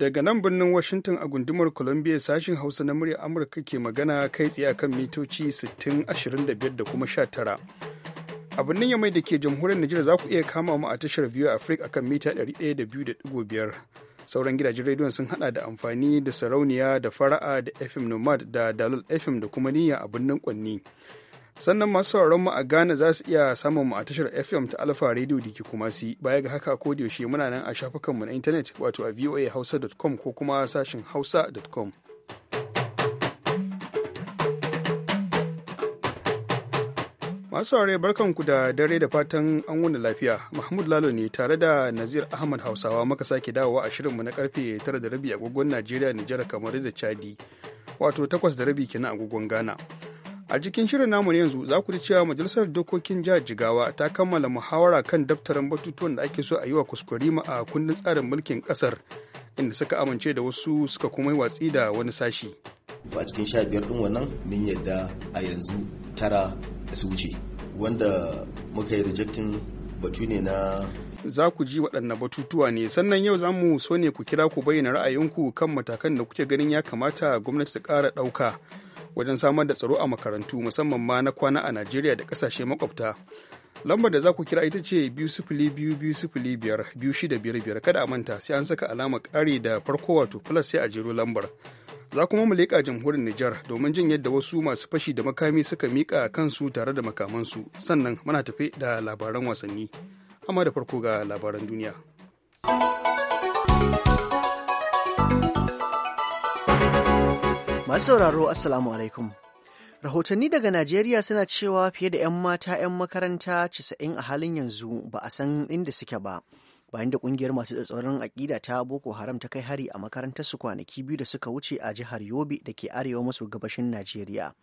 daga nan birnin washington a gundumar columbia sashen hausa na murya amurka ke magana kai tsaye akan mitoci 6025 da kuma 19 a birnin yamai da ke jamhuriyar nigeria za ku iya kama mu a tashar biyu africa akan mita 102.5 sauran gidajen rediyon sun hada da amfani da sarauniya da fara'a da fm nomad da dalol fm da kuma niyya a birnin kwanni sannan masu sauraron mu a Ghana za su iya samun mu a tashar FM ta Alpha Radio da ke kuma si baya ga haka ko da yaushe muna nan a shafukan mu na intanet wato a voahausa.com ko kuma sashin hausa.com Masu barkan barkanku da dare da fatan an wuni lafiya. Mahmud Lalo ne tare da Nazir Ahmad Hausawa muka sake dawowa a shirin mu na karfe 9:30 da rabi agogon Najeriya, Nijar, kamar da Chadi. Wato 8:30 da rabi kenan agogon Ghana. a cikin shirin namu yanzu za ku ji cewa majalisar dokokin jihar jigawa ta kammala muhawara kan daftarin batutuwan da ake so a yi wa kuskurima a kundin tsarin mulkin kasar inda suka amince da wasu suka kuma yi watsi da wani sashi a cikin sha biyar din wannan min yadda a yanzu tara su wuce wanda muka yi rejectin batu ne na za ku ji waɗannan batutuwa ne sannan yau za mu so ne ku kira ku bayyana ra'ayinku kan matakan da kuke ganin ya kamata gwamnati ta ƙara ɗauka wajen samar da tsaro a makarantu musamman ma na kwana a najeriya da kasashe makwabta lambar da za ku kira ita ce biyu sifili biyu biyu sifili biyar biyu shida biyar kada a manta sai an saka alama kare da farko wato plus sai a jero lambar za kuma mu leƙa jamhuriyar Nijar domin jin yadda wasu masu fashi da makami suka miƙa kansu tare da makamansu sannan muna tafe da labaran wasanni amma da farko ga labaran duniya. Masu sauraro Assalamu alaikum. Rahotanni daga Najeriya suna cewa fiye da 'yan mata 'yan makaranta 90 a halin yanzu ba a san inda suke ba. Bayan da kungiyar masu tsatsauran aƙida ta Boko Haram ta kai hari a makarantar su kwanaki biyu da suka wuce a jihar Yobe da ke arewa maso gabashin Najeriya.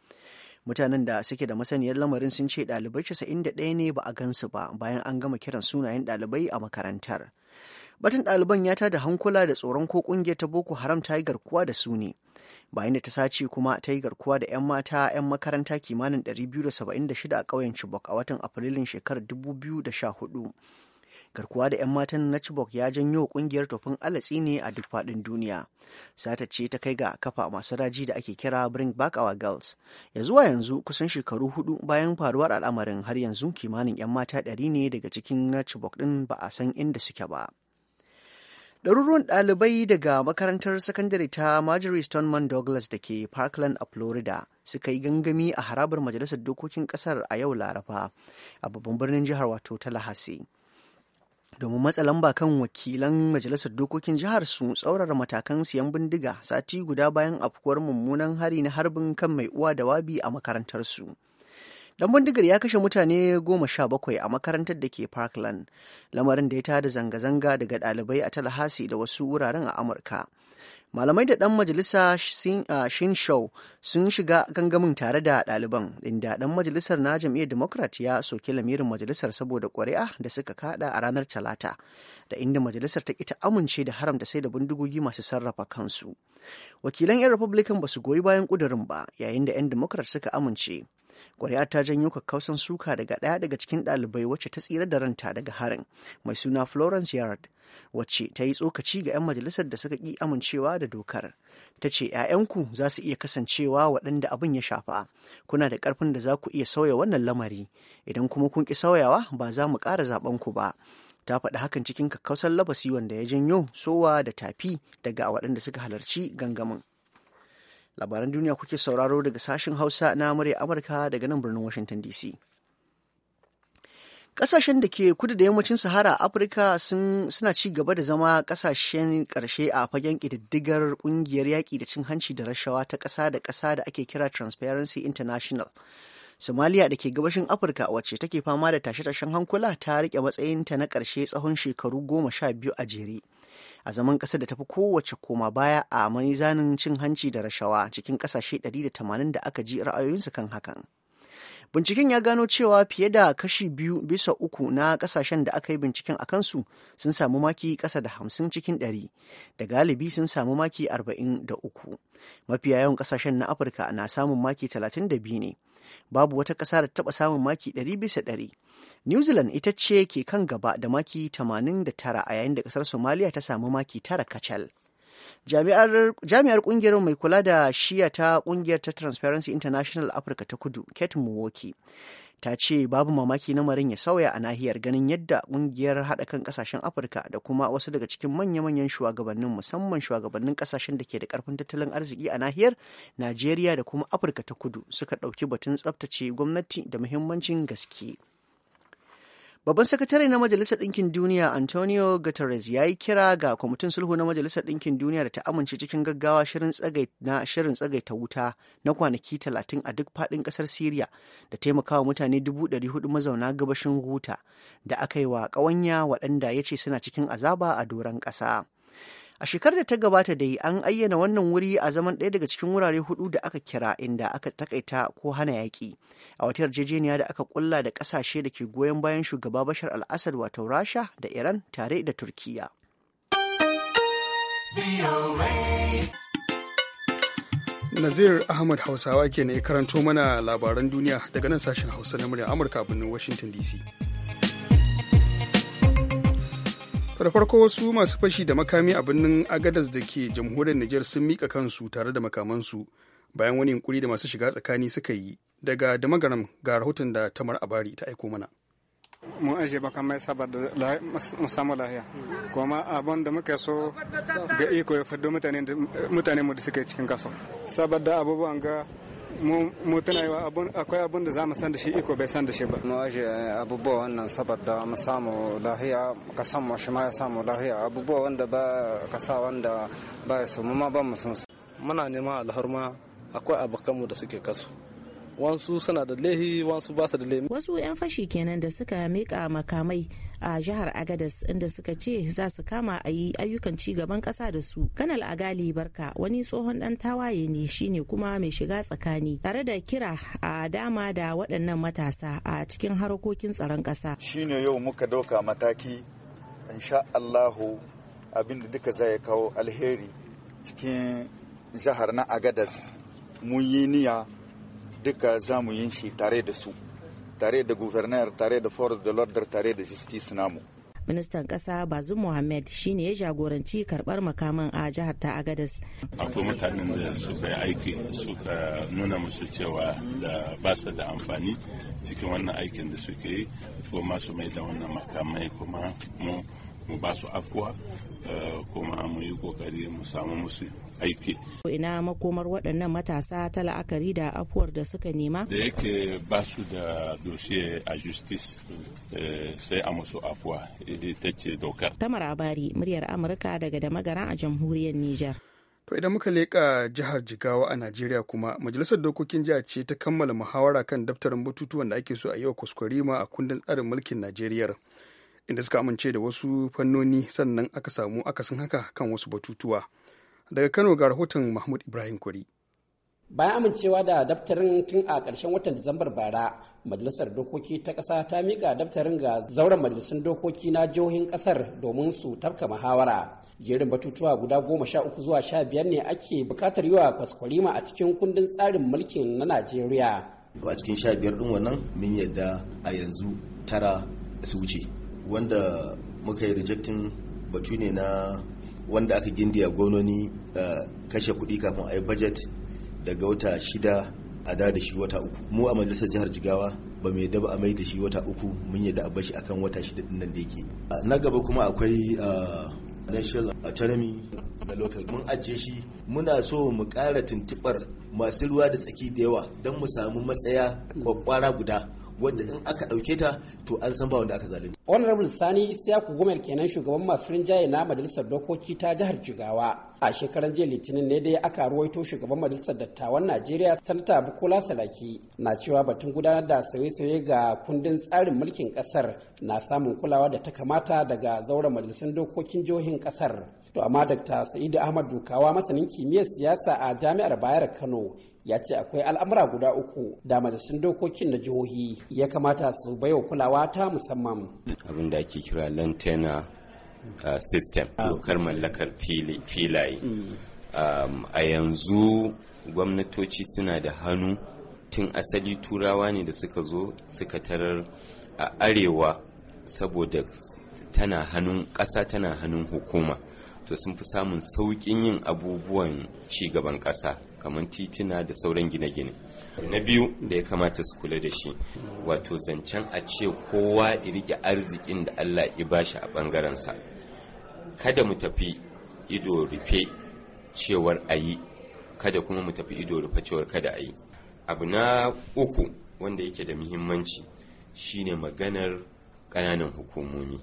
Mutanen da suke da masaniyar lamarin sun ce ɗalibai 91 ne ba a gansu ba bayan an gama kiran sunayen ɗalibai a makarantar. batun ɗaliban ya tada hankula da tsoron ko ƙungiyar ta boko haram ta yi garkuwa da su ne bayan da ta sace kuma ta yi garkuwa da 'yan mata 'yan makaranta kimanin 276 a ƙauyen chibok a watan afrilun shekarar 2014 garkuwa da 'yan matan na chibok ya janyo ƙungiyar tofin alatsi ne a duk faɗin duniya sata ce ta kai ga kafa masu raji da ake kira bring back our girls ya zuwa yanzu kusan shekaru hudu bayan faruwar al'amarin har yanzu kimanin 'yan mata ɗari ne daga cikin na chibok ɗin ba a san inda suke ba ɗaruruwan ɗalibai daga makarantar sakandare ta marjorie stoneman douglas da ke parkland a florida suka yi gangami a harabar majalisar dokokin ƙasar a yau laraba a babban birnin jihar wato ta domin matsa lamba kan wakilan majalisar dokokin jihar su tsaurara matakan siyan bindiga sati guda bayan afkuwar mummunan hari na harbin kan mai uwa da wabi a makarantarsu dan bindigar ya kashe mutane goma sha bakwai a makarantar da ke parkland lamarin da ya tada zanga-zanga daga ɗalibai a talahasi da wasu wuraren a amurka malamai da ɗan majalisa shinshau ah, sun shiga gangamin tare da ɗaliban inda ɗan majalisar na jam'iyyar democrat ya soki lamirin majalisar saboda ƙuri'a da suka kaɗa a ranar talata da inda majalisar ta ta amince da haramta sai da bindigogi masu sarrafa kansu wakilan 'yan republican ba su goyi bayan ƙudurin ba yayin da 'yan democrat suka amince Ƙwarya ta janyo kakkausan suka daga ɗaya daga cikin ɗalibai wacce ta tsira da ranta daga harin mai suna florence yard wacce ta yi tsokaci ga 'yan majalisar da suka ƙi amincewa da dokar ta ce 'ya'yanku za su iya kasancewa waɗanda abin ya shafa kuna da ƙarfin da za ku iya sauya wannan lamari idan kuma kun ƙi sauyawa ba za mu ƙara zaɓen ku ba ta faɗi hakan cikin kakkausan labasi wanda ya janyo sowa da tafi daga waɗanda suka halarci gangamin labaran duniya kuke sauraro daga sashen hausa na murya amurka daga nan birnin washington dc kasashen da ke kudu da yammacin sahara afirka suna ci gaba da zama kasashen karshe a fagen kididdigar ƙungiyar yaƙi da cin hanci da rashawa ta ƙasa da ƙasa da ake kira transparency international somaliya da ke gabashin afirka wacce take fama da tashe-tashen hankula ta riƙe matsayinta na ƙarshe tsawon shekaru goma sha biyu a jere a zaman ƙasa da tafi kowace koma baya a zanen cin hanci da rashawa cikin ƙasashe 180 da aka ji ra'ayoyinsu kan hakan. Binciken ya gano cewa fiye da kashi biyu bisa uku na kasashen da aka yi binciken a kansu sun samu maki kasa da hamsin cikin ɗari, da galibi sun samu maki arba'in da uku. Mafiya yawan kasashen na Afirka na samun maki talatin da biyu ne, babu wata ƙasa da taɓa samun maki 100 bisa 100 new zealand ita ce ke kan gaba da maki 89 a yayin da ƙasar somaliya ta samu maki tara kacal jami'ar kungiyar mai kula da shiya ta kungiyar ta transparency international afirka ta kudu kate muwoki ta ce babu mamaki na marin ya sauya a nahiyar ganin yadda ƙungiyar haɗa kan ƙasashen afirka da kuma wasu daga cikin manya-manyan shugabannin musamman shugabannin ƙasashen da ke da ƙarfin tattalin arziki a nahiyar najeriya da kuma afirka ta kudu suka ɗauki batun tsaftace gwamnati da muhimmancin gaske. Babban sakatare na Majalisar Ɗinkin Duniya Antonio Guterres ya yi kira ga kwamitin sulhu na Majalisar Ɗinkin Duniya da ta amince cikin gaggawa shirin na shirin tsagaita wuta na kwanaki talatin a duk faɗin ƙasar Siriya da taimakawa mutane dubu ɗari hudu mazauna gabashin huta, da aka yi wa ƙawanya waɗanda ya ce suna cikin azaba a doron ƙasa. A shekarar da ta gabata dai an ayyana wannan wuri a zaman ɗaya daga cikin wurare hudu da aka kira inda aka takaita ko hana yaƙi. A wata yarjejeniya da aka kulla da ƙasashe da ke goyon bayan shugaba Bashar al wato Rasha da Iran tare da Turkiya. Nazir Ahmad Hausawa ke ne karanto mana labaran duniya daga nan sashen Hausa na murya Amurka birnin Washington DC. da farko wasu masu fashi da makami a birnin agadas da ke jamhuriyar nijar sun mika kansu tare da makamansu bayan wani yunkuri da masu shiga tsakani suka yi daga damagaram ga rahoton da tamar abari ta aiko mana mun aje baka mai saboda mu samu lahiya kuma abin da muka so ga iko ya faɗo mutane mu da suke cikin kaso saboda abubuwan ga mu eh. wa akwai abun da za mu san da shi iko bai san da shi ba mu aje abubuwa wannan saboda mu samu lahiya ka mu shi ma ya samu lahiya abubuwa wanda ba ka sa wanda ba ya su mu ma ba mu sun su muna neman alharma akwai abokanmu da suke kasu wansu suna da lehi wansu ba su da lehi wasu 'yan fashi kenan da suka mika makamai a jihar agadas inda suka ce za su kama a yi ayyukan ci gaban ƙasa da su kanal agali barka wani tsohon dan tawaye ne shine kuma mai shiga tsakani tare da kira a dama da waɗannan matasa a cikin harkokin tsaron ƙasa shine yau muka ɗauka mataki insha allahu abin da duka zai kawo alheri cikin jihar na agadas mun yi niyya duka za mu yin shi tare da su tare da guvernar tare da force da l'ordre tare da justice namu ministan kasa bazum shi shine ya jagoranci karbar makaman a jihar ta agadas akwai mutanen da suka yi aiki suka uh, nuna musu cewa uh, da ba da amfani cikin wannan aikin da suke yi ko masu mai da wannan makamai kuma mu ba su afuwa kuma mu yi uh, kokari mu samu musu aiki. Ina makomar waɗannan matasa ta la'akari da afuwar da suka nema? Da yake ba su da dosiye a justice eh, sai a musu afuwa ita ce dokar. Tamar Abari, muryar Amurka daga da magara a jamhuriyar Nijar. To idan muka leƙa jihar Jigawa a Najeriya kuma majalisar dokokin jiha ce ta kammala muhawara kan daftarin batutuwan da ake so a yi wa kuskurema a kundin tsarin mulkin Najeriya. Inda suka amince da wasu fannoni sannan aka samu akasin haka kan wasu batutuwa. Daga Kano ga rahoton Mahmud Ibrahim kuri bayan amincewa da daftarin tun a ƙarshen watan disambar bara majalisar dokoki ta ƙasa ta mika daftarin ga zauren majalisun dokoki na jihohin ƙasar domin su tafka muhawara jerin batutuwa guda goma sha uku zuwa sha biyar ne ake buƙatar yi wa kwaskwarima a cikin kundin tsarin mulkin na najeriya a cikin sha biyar ɗin wannan mun yadda a yanzu tara su wuce wanda muka yi rejectin batu ne na wanda aka gindiya gwamnoni eh, kashe kuɗi kafin a yi budget daga wata shida a da da shi wata uku mu a majalisar jihar jigawa ba mai daba a mai da shi wata uku mun yadda a bashi akan wata shida din nan da yake ah, na gaba kuma akwai ah, national autonomy na local mun ajiye shi muna so mu ƙara tuntuɓar masu ruwa da tsaki da yawa don mu samu matsaya kwakwara guda Wanda in aka ɗauke ta to an san ba wanda aka zalunta. honorable sani isiyaku gomel kenan shugaban masu rinjaye na majalisar dokoki ta jihar jigawa a shekaran jiya litinin ne dai aka ruwaito shugaban majalisar dattawan najeriya sanata bukola salaki na cewa batun gudanar da sauye-sauye ga kundin tsarin mulkin kasar na samun kulawa da ta kamata daga zauren majalisun dokokin jihohin kasar to amma dr sa'idu ahmad dukawa masanin kimiyyar siyasa a jami'ar bayar kano ya ce akwai al'amura guda uku da majalisun dokokin na jihohi ya kamata su baiwa kulawa ta musamman abin da ake kira lantana uh, system ah. dokar mallakar filaye mm. um, a yanzu gwamnatoci suna da hannu tun asali turawa ne da suka zo suka tarar a arewa saboda tana hannun ƙasa tana hannun hukuma to sun fi samun sauƙin yin abubuwan cigaban ƙasa kamar titina da sauran gine-gine na biyu da ya kamata su kula da shi wato zancen a ce kowa ya arzikin da allah ya bashi a ɓangarensa kada mu tafi ido rufe cewar a kada kuma mu tafi ido rufe cewar kada ayi. abu na uku wanda yake da muhimmanci shine maganar ƙananan hukumomi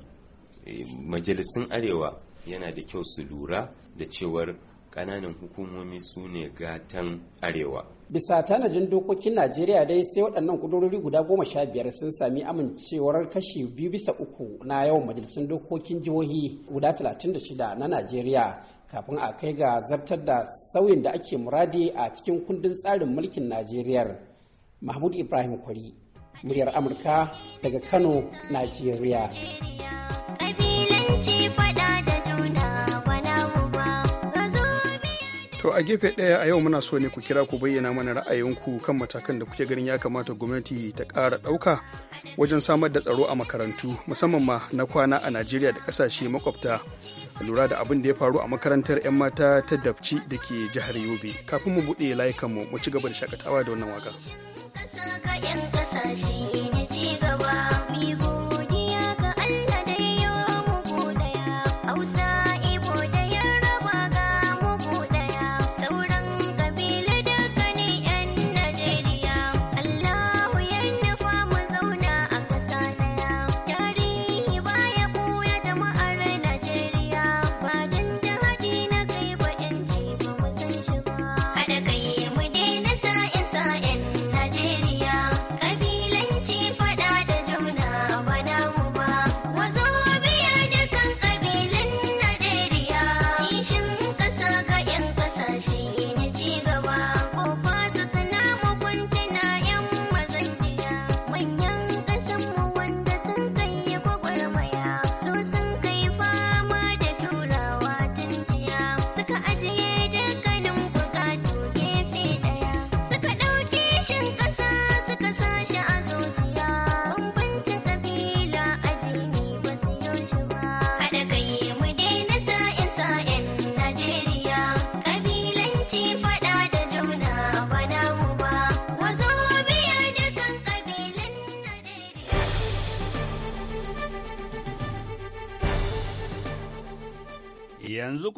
eh, majalisun arewa yana da kyau su lura da cewar ƙananan hukumomi su ne gatan arewa bisa tanajin dokokin najeriya dai sai waɗannan ƙudurori guda goma sha biyar sun sami amincewar kashi biyu bisa uku na yawan majalisun dokokin jihohi guda talatin da shida na najeriya kafin a kai ga zartar da sauyin da ake muradi a cikin kundin tsarin mulkin Najeriya, mahmud ibrahim kwari muryar amurka daga kano najeriya To a gefe ɗaya a yau muna so ne ku kira ku bayyana mana ra'ayinku kan matakan da kuke ganin ya kamata gwamnati ta ƙara ɗauka wajen samar da tsaro a makarantu musamman ma na kwana a Najeriya da ƙasashe makwabta lura da abin da ya faru a makarantar 'yan mata ta dafci da ke jihar Yobe kafin mu buɗe layukanmu mu ci gaba da shakatawa da wannan waka.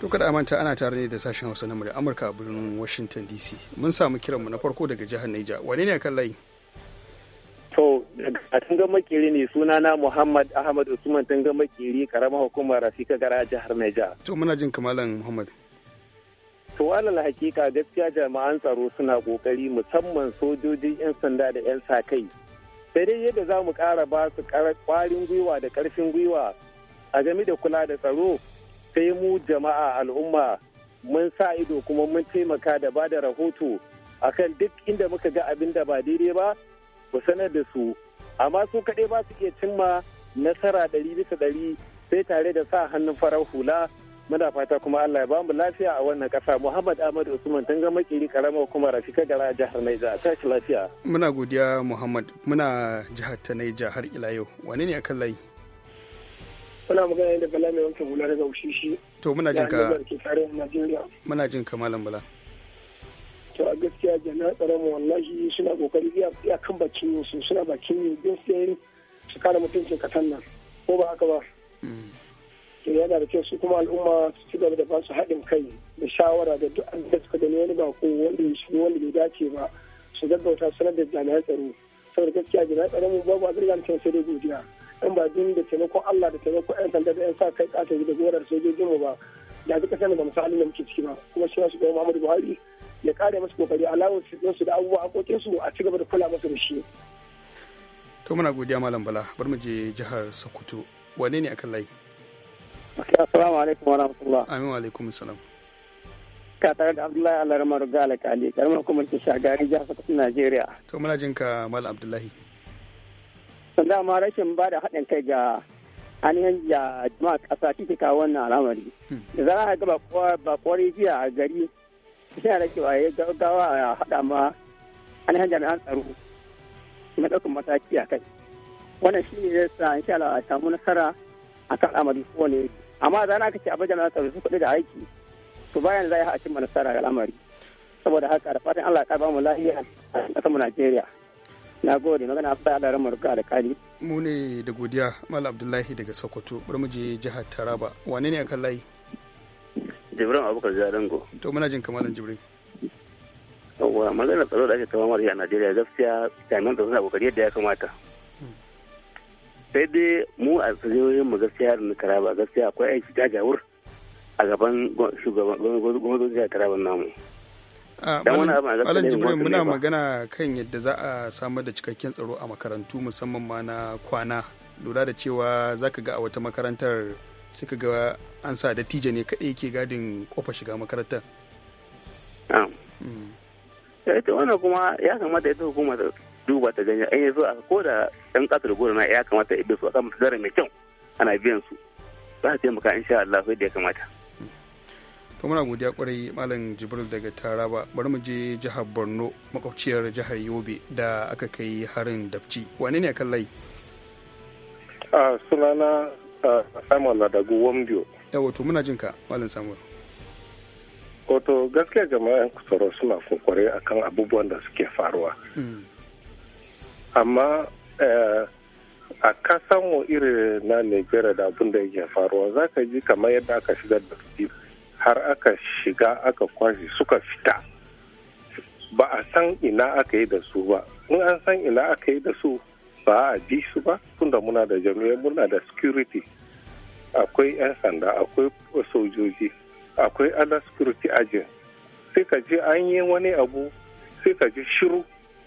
To kada a manta ana tare ne da sashen Hausa na murya Amurka a birnin Washington DC. Mun samu mu na farko daga jihar Niger. Wane ne kan layi? To a tunga makeri ne sunana Muhammad Ahmad Usman tunga makeri karamar hukumar Rafika Gara jihar Niger. To muna jin kamalan Muhammad. To alal hakika gaskiya jama'an tsaro suna kokari musamman sojojin 'yan sanda da 'yan sa kai. Sai dai yadda za mu kara ba su kwarin gwiwa da karfin gwiwa a game da kula da tsaro sai mu jama'a al'umma mun sa ido kuma mun taimaka da ba da rahoto akan duk inda muka ga abin da ba daidai ba ku sanar da su amma su kaɗai ba su iya cimma nasara ɗari bisa ɗari sai tare da sa hannun farar hula muna fata kuma Allah ya ba mu lafiya a wannan kasa Muhammad Ahmad Usman tanga makiri karamar kuma Rafika Gara jihar Naija tashi lafiya muna godiya Muhammad muna jihar ta Naija har ila yau wani ne akan layi Muna magana da Bala mai wanke hula daga Ushishi. To muna jin ka. Muna jin ka Malam Bala. To a gaskiya jami'an tsaron wallahi suna kokari iya kan bakin su suna bakin yi bin sayin su kare mutuncin kasan nan ko ba haka ba. Mm. To yana da kyau su kuma al'umma su ci gaba da ba su haɗin kai da shawara da duk an da suka gani wani bako wanda ya shigo bai dace ba su gaggauta sanar da jami'an tsaro. Saboda gaskiya jami'an tsaron mu babu a da sai dai godiya. in ba din da taimakon Allah da taimako 'yan sanda da 'yan sa kai kata da gorar sojojin mu ba da duka sanin da misalin da muke ciki ba kuma shi su ga Muhammadu Buhari ya kare masu kokari don su da abubuwa hakokin su a cigaba da kula masu da shi to muna godiya malam Bala bar mu je jihar Sokoto wane ne akan layi assalamu alaikum wa rahmatullah amin wa alaikum salam ka tare da Abdullahi Alarma Ruga Alkali karamar kuma ke shagari jihar Sokoto Najeriya to muna jinka malam Abdullahi to dama rashin ba da haɗin kai ga ainihin ya jama'a ƙasa cikin kawo wannan al'amari da za a gaba ba kowar jiya a gari suna da cewa ya gaggawa a haɗa ma ainihin jami'an tsaro na ɗaukar mataki a kai wannan shi ne sa in sha Allah a samu nasara a kan al'amari ko ne amma zana aka ce a jami'an tsaro su kuɗi da aiki to bayan za a cimma nasara ga al'amari saboda haka da fatan Allah ya ƙarfa mu lafiya a ƙasar Najeriya. na gode magana akwai ka da alkali mu ne da godiya mal abdullahi daga sokoto burmuje je jihar taraba wane ne akan layi jibrin abubakar jarango to muna jin kamalan jibrin yawwa maganar tsaro da ake kama mara a najeriya gaskiya jami'an tsaro suna kokari yadda ya kamata hmm. sai dai mu a tsajiyoyin mu gaskiya da taraba gaskiya akwai aiki jajawur a gaban shugaban gwamnatin jihar taraba namu Ah, Malam Jibrin muna magana kan yadda za a samar da cikakken tsaro a makarantu musamman ma na kwana lura da cewa za ka ga a wata makarantar suka ga an sa da tije ne kaɗai ke gadin kofa shiga makarantar. ita hmm. eh, wannan kuma ya kamata ita hukuma ta duba ta gani an yanzu a ko da ɗan ƙasa da gona ya kamata ibe su a kan mai kyau ana biyan su za a taimaka insha Allah sai da ya kamata. to muna godiya kwarai malam jibril daga taraba bari mu je jihar borno makwabciyar jihar yobe da aka kai harin dafci wane ne akan lai a sunana samuel ladagu wambio yawa to muna jinka malam samuel wato gaskiya jama'an kusuro suna kokore akan abubuwan da suke faruwa hmm. amma eh, a kasan irin na nigeria da abin da yake faruwa za ka ji kamar yadda aka shigar da su har aka shiga aka kwashe suka fita ba a san ina aka yi da su ba in an san ina aka yi da su ba a bi su ba tunda muna da jami'ai muna da security akwai 'yan sanda akwai sojoji akwai ala security agent sai ka ji an yi wani abu sai ka ji shiru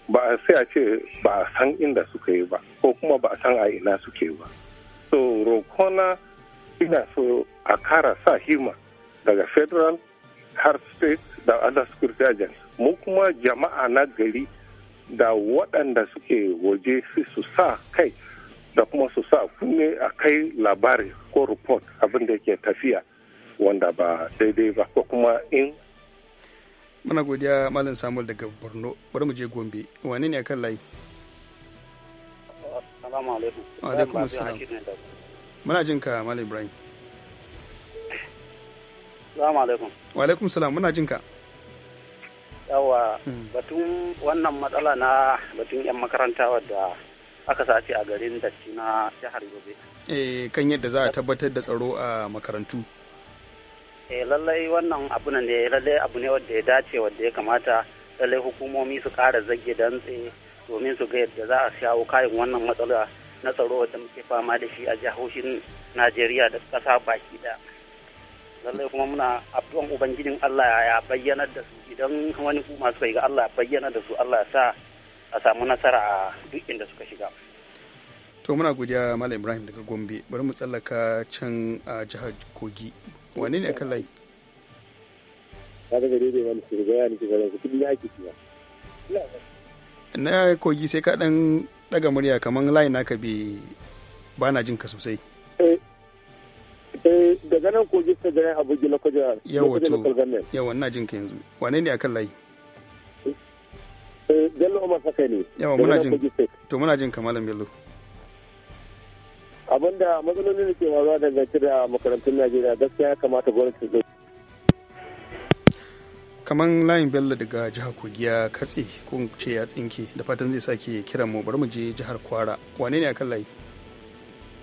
ba a sai a ce ba a san inda suka yi ba ko kuma ba a san a ina suke ba so rokona ina so a kara sa hima daga federal har state da other security agents mu kuma jama'a na gari da waɗanda suke waje su sa kai da kuma su sa kunne a kai labari ko report abin da yake tafiya wanda ba daidai ba ko kuma in muna godiya malam samuel daga borno bari mu je gombe wane ne kan layi assalamu alaikum muna jin ka malam ibrahim Salamu alaikum. Wa alaikum salam muna jin ka. Yawa hmm. batun wannan matsala na batun 'yan makaranta wadda aka sace a garin datti na jihar Yobe. Eh kan yadda za a tabbatar da tsaro a makarantu. Eh lallai wannan abu ne lallai abu ne wanda ya dace wanda ya kamata lallai hukumomi su kara zage dantse domin su ga yadda za a shawo kayan wannan matsala na tsaro wadda muke fama da shi a jihohin Najeriya da kasa baki ɗaya. lallai kuma muna addu'an ubangijin Allah ya bayyana da su idan wani kuma suka yi ga Allah bayyana da su Allah ya sa a samu nasara a duk inda suka shiga to muna godiya malam ibrahim daga gombe bari mu tsallaka can a jihar kogi wane ne kan layi na kogi sai ka ɗan ɗaga murya kamar layi naka bi ba na jin ka sosai Eh, daga nan kogi gane jin ka yanzu. Wane ne akan layi? Eh, bello jin. ka Bello. da ke faruwa ya kamata gwamnati kamar layin bello daga jihar kogi ya katse ko ce ya tsinke da fatan zai sake kiran mu bari mu je jihar kwara wane ne akan layi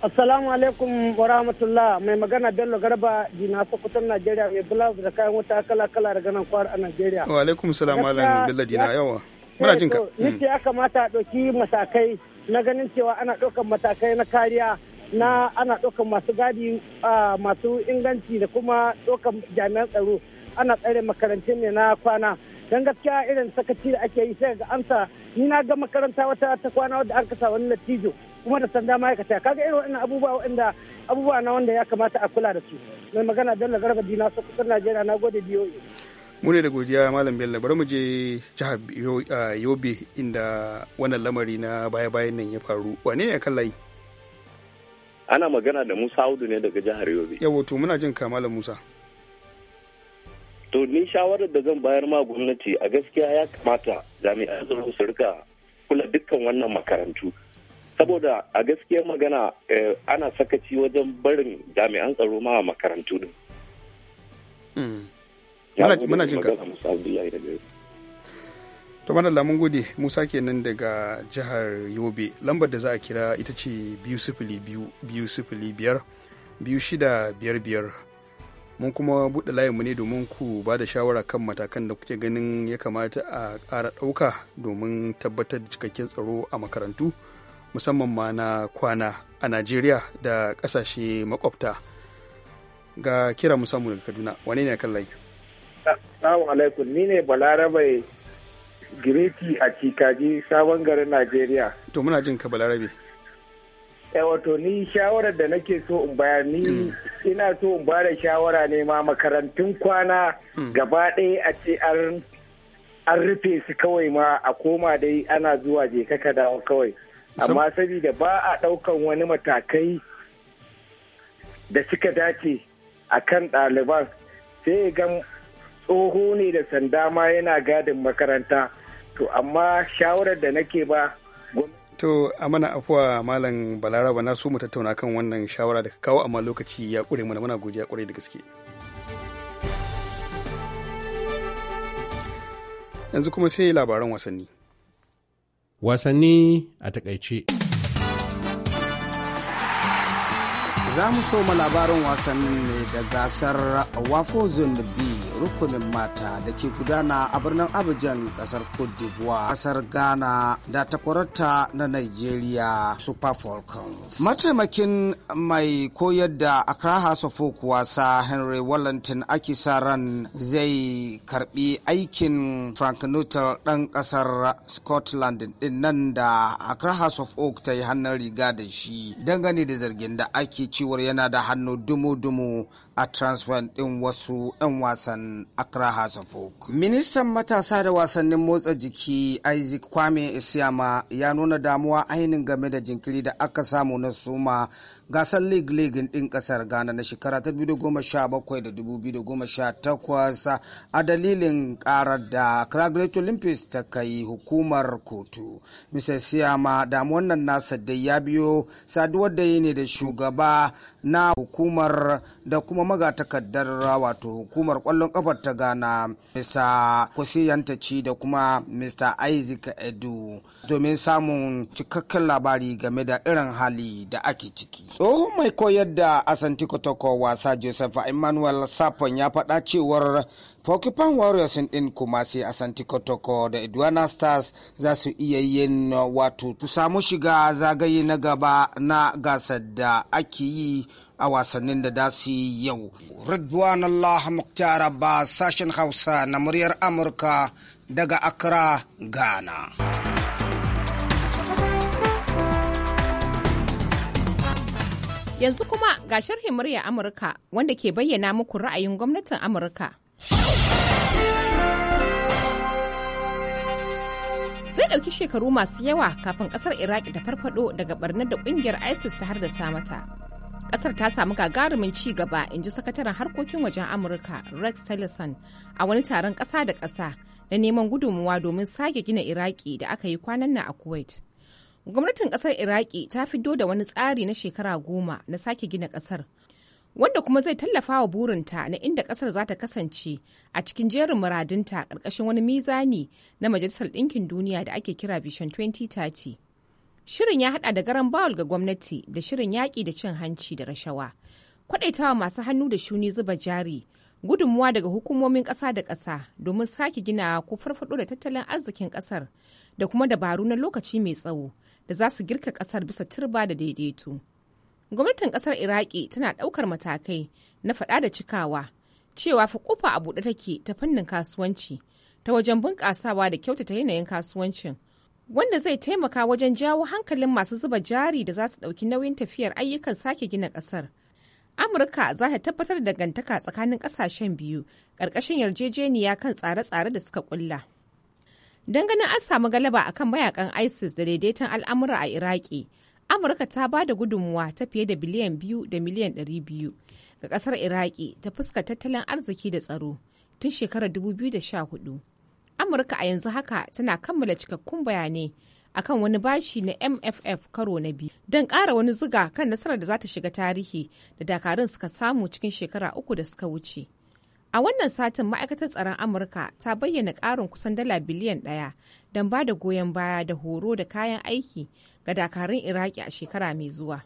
Assalamu alaikum wa rahmatullah mai magana Bello Garba jina Sokoton Najeriya mai blouse da kayan wuta kala kala daga nan kwar a Najeriya. Wa alaikum salam malam Bello jina yawa. Muna eh, jinka. ka. ya hmm. kamata a ɗauki matakai na ganin cewa ana ɗaukan matakai na kariya na ana ɗaukan masu gadi masu inganci da kuma ɗaukan jami'an tsaro ana tsare makarantun ne na kwana. dan gaskiya irin sakaci da ake yi sai ga amsa ni na ga makaranta wata ta kwana wadda an kasa wani natijo kuma da sanda ma'aikata kaga irin wannan abubuwa wanda abubuwa na wanda ya kamata a kula da su mai magana da Garba Dina su kusan Najeriya na gode biyo mu ne da godiya malam bello bari mu je jihar yobe inda wannan lamari na baya-bayan nan ya faru wane ne kan layi ana magana da musa audu ne daga jihar yobe yawo to muna jin ka malam musa to ni shawarar da zan bayar ma gwamnati a gaskiya ya kamata jami'an tsaro su rika kula dukkan wannan makarantu saboda a gaskiyar magana eh, ana sakaci wajen barin jami'an tsaro ma a makarantu din hmm. muna jin to mana lamun gode musa kenan daga jihar yobe lambar da za a kira ita ce biyu sifili biyu biyu sifili biyar biyu shida biyar biyar mun kuma buɗe layinmu ne domin ku ba da shawara kan matakan da kuke ganin ya kamata a ƙara ɗauka domin tabbatar da cikakken tsaro a makarantu musamman ma na kwana a najeriya da kasashe makwabta ga kira musamman daga kaduna wane ne kan layi salamu alaikum ni ne balarabe giriki a cikaji sabon garin najeriya to muna jin ka balarabe eh, wato ni shawarar da nake so in bayar ni mm. ina so in ba da shawara ne ma makarantun kwana mm. gaba ɗaya a ce an rufe su kawai ma a koma dai ana zuwa je kaka dawo kawai amma saboda ba a ɗaukan wani matakai da suka dace a kan ɗaliban sai gan tsoho ne da sanda ma yana gadin makaranta to amma shawarar da nake ba to a mana afuwa malam balaraba na su mu tattauna kan wannan shawara da ka kawo amma lokaci ya ƙure mana muna ya ƙure da gaske yanzu kuma sai labaran wasanni Wasanni a takaice. Za mu soma labarin wasannin ne da gasar Wafo Zone B rukunin mata da ke gudana a birnin Abidjan kasar Cote d'Ivoire, kasar Ghana da takwarata na Nigeria Super Falcons. Mataimakin mai koyar da Accra House of Folk wasa Henry Wallington Akisa ran zai karbi aikin Frank Nuttall dan kasar Scotland din nan da Accra House of Oak ta yi hannun riga da shi dangane da zargin da ake ci cewar yana da hannu dumu-dumu a transfer ɗin wasu 'yan wasan Accra Hasafok. Ministan matasa da wasannin motsa jiki Isaac Kwame Isiyama ya nuna damuwa ainihin game da jinkiri da aka samu na suma gasar league league ɗin ƙasar Ghana na shekara ta 2017 da 2018 a dalilin ƙarar da Accra Great Olympics ta kai hukumar kotu. Mr. Isiyama damuwan nan nasa dai ya biyo saduwar da yi ne da shugaba na hukumar da kuma magatakardar wato hukumar kwallon kafar ta gana Mr. yantaci da kuma Mr. Isaac Edu domin samun cikakken labari game da irin hali da ake ciki. Tsohon mai koyar da Asanti Kotoko wasa Joseph Emmanuel Sapon ya faɗa cewar Porcupine Warriors ɗin kuma sai Asante Kotoko da Edwana Stars za su iya yin wato su samu shiga zagaye na gaba na gasar da ake yi a wasannin da da su yau. Ridwan Allah Muktar Abbas sashen Hausa na muryar Amurka daga Accra, Ghana. Yanzu kuma ga sharhin murya Amurka wanda ke bayyana muku ra'ayin gwamnatin Amurka. zai ɗauki shekaru masu yawa kafin ƙasar iraki ta farfaɗo daga barnar da ƙungiyar isis ta da samata. ƙasar ta samu gagarumin ci gaba in ji sakataren harkokin wajen amurka rex tillerson a wani taron ƙasa da ƙasa na neman gudunmuwa domin sake gina iraki da aka yi kwanan nan a kuwait gwamnatin ƙasar iraki ta fiddo da wani tsari na shekara goma na sake gina ƙasar wanda kuma zai tallafa wa burinta na inda kasar za ta kasance a cikin jerin muradinta ƙarƙashin wani mizani na majalisar ɗinkin duniya da ake kira vision 2030 shirin ya hada da garan bawul ga gwamnati da shirin yaƙi da cin hanci da rashawa wa masu hannu da shuni zuba jari gudunmuwa daga hukumomin ƙasa da ƙasa domin sake ginawa ko farfaɗo da tattalin arzikin ƙasar da kuma dabaru na lokaci mai tsawo da za su girka ƙasar bisa turba da daidaito. gwamnatin kasar iraki tana daukar matakai na fada da cikawa cewa fa kufa a buɗe take ta fannin kasuwanci ta wajen bunƙasawa da kyautata yanayin kasuwancin wanda zai taimaka wajen jawo hankalin masu zuba jari da za su ɗauki nauyin tafiyar ayyukan sake gina ƙasar amurka za ta tabbatar da gantaka tsakanin ƙasashen biyu ƙarƙashin yarjejeniya kan tsare-tsare da suka ƙulla don ganin an samu galaba akan mayakan isis da daidaiton al'amura a iraki amurka ta ba da gudunmuwa ta fiye da biliyan biyu da miliyan ɗari biyu ga ƙasar iraki ta fuska tattalin arziki da tsaro tun shekarar 2014 amurka a yanzu haka tana kammala cikakkun bayanai akan wani bashi na mff karo na biyu don ƙara wani zuga kan nasarar da za ta shiga tarihi da dakarun suka samu cikin shekara uku da suka wuce a wannan satin ma'aikatar tsaron amurka ta bayyana ƙarin kusan dala biliyan ɗaya don ba da goyon baya da horo da kayan aiki ga dakarun iraki a shekara mai zuwa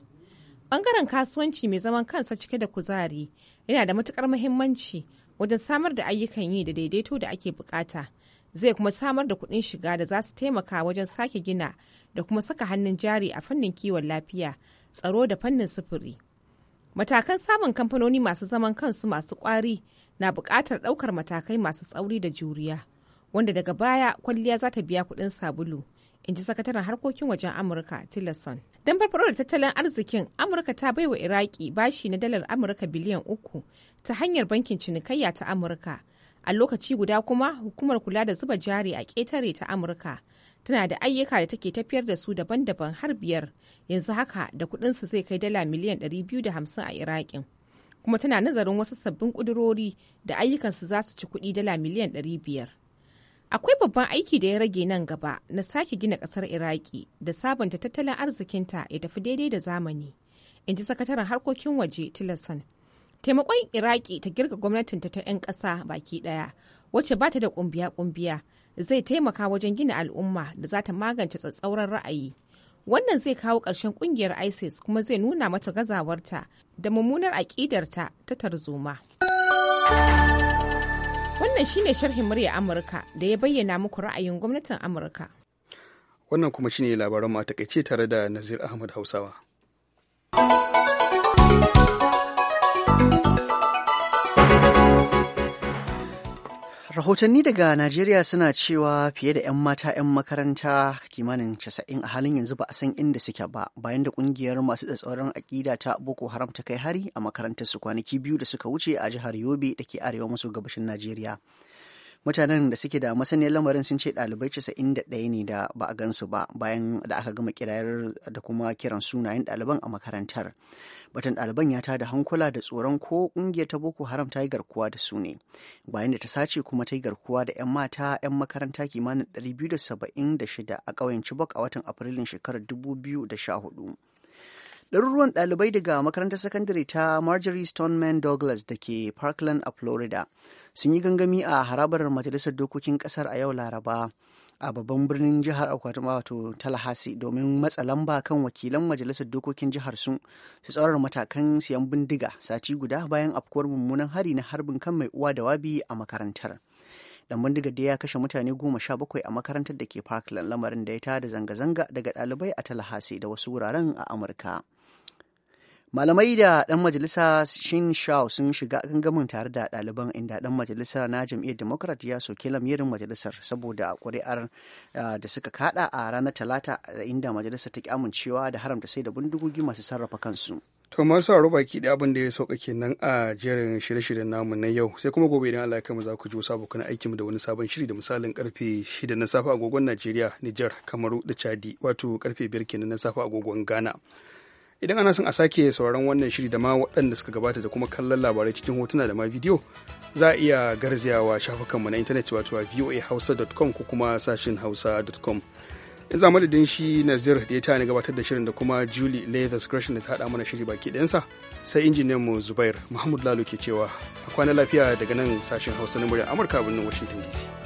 bangaren kasuwanci mai zaman kansa cike da kuzari yana da matukar muhimmanci wajen samar da ayyukan yi da daidaito da ake bukata zai kuma samar da kuɗin shiga da za su taimaka wajen sake gina da kuma saka hannun jari a fannin kiwon lafiya tsaro da fannin sufuri matakan samun kamfanoni masu zaman kansu masu kwari na buƙatar ɗaukar matakai masu tsauri da juriya wanda daga baya kwalliya za ta biya kuɗin sabulu in ji sakataren harkokin wajen amurka tillerson don farfaro da tattalin arzikin amurka ta bai wa iraki bashi na dalar amurka biliyan uku ta hanyar bankin cinikayya ta amurka a lokaci guda kuma hukumar kula da zuba jari a ƙetare ta amurka tana da ayyuka da take tafiyar da su daban-daban har biyar yanzu haka da su zai kai dala miliyan ɗari biyu da hamsin a iraƙin kuma tana nazarin wasu sabbin kudurori da ayyukansu za su ci kuɗi dala miliyan ɗari biyar. Akwai babban aiki da ya rage nan gaba na sake gina ƙasar Iraki da sabunta tattalin arzikinta ya tafi daidai da zamani, in ji sakataren harkokin waje Tillerson. Taimakon Iraki ta girka gwamnatinta ta 'yan ƙasa baki daya wacce ba ta da kumbiya-kumbiya zai taimaka wajen gina al'umma da za ta magance tsatsauran ra'ayi. Wannan zai kawo ƙarshen ƙungiyar ISIS kuma zai nuna mata gazawarta da mummunar aƙidarta ta tarzoma. Wannan shine sharhin murya Amurka da ya bayyana muku ra'ayin gwamnatin Amurka. Wannan kuma shine labaran mu takaice tare da Nazir Ahmad Hausawa. Rahotanni daga Najeriya suna cewa fiye da 'yan mata 'yan makaranta kimanin 90 a halin yanzu ba a san inda suke ba bayan da kungiyar masu tsatsauran aƙida ta Boko Haram ta kai hari a makarantar su kwanaki biyu da suka wuce a jihar Yobe da ke arewa maso gabashin Najeriya. mutanen da suke da masaniyar lamarin sun ce ɗalibai casa'in da ɗaya ne da ba a gansu ba bayan da aka gama kirayar da kuma kiran sunayen ɗaliban a makarantar batun ɗaliban ya tada hankula da tsoron ko ƙungiyar ta boko haram ta yi garkuwa da su ne bayan da ta sace kuma ta yi garkuwa da 'yan mata 'yan makaranta kimanin 276 a ƙauyen chibok a watan afrilun shekarar 2014 ɗaruruwan ɗalibai daga makarantar sakandare ta marjorie stoneman douglas da ke parkland a florida sun yi gangami a harabar majalisar dokokin ƙasar a yau laraba a babban birnin jihar akwatin wato talahasi domin matsa lamba kan wakilan majalisar dokokin jihar sun su tsaurar matakan siyan bindiga sati guda bayan afkuwar mummunan hari na harbin kan mai uwa da wabi a makarantar dan bindiga da ya kashe mutane goma sha bakwai a makarantar da ke parkland lamarin da ya tada zanga-zanga daga ɗalibai a talahasi da wasu wuraren a amurka malamai da ɗan majalisa shin shao sun shiga gangamin tare da ɗaliban inda ɗan majalisar na jam'iyyar democrat ya soke lamirin majalisar saboda ƙuri'ar eh, da suka kaɗa a ranar talata inda majalisar ta ki amincewa da haramta sai da bindigogi masu sarrafa kansu to masu aro baki da abin da ya sauka kenan a jerin shirye-shiryen namu na yau sai kuma gobe idan Allah ya za ku ji wasu abokan aikin da wani sabon shiri da misalin karfe 6 na safe agogon Najeriya Nijar Kamaru da Chadi wato karfe 5 kenan na safe agogon Ghana idan ana son a sake sauran wannan shiri da ma waɗanda suka gabata da kuma kallon labarai cikin hotuna da ma bidiyo za a iya garzayawa shafukanmu na intanet wato a voahausa.com ko kuma sashin hausa.com in za madadin shi nazir da ya ta ni gabatar da shirin da kuma julie leathers gresham da ta haɗa mana shiri baki ɗayansa sai injiniyan mu zubair mahmud lalu ke cewa a kwana lafiya daga nan sashin hausa na murya amurka birnin washington dc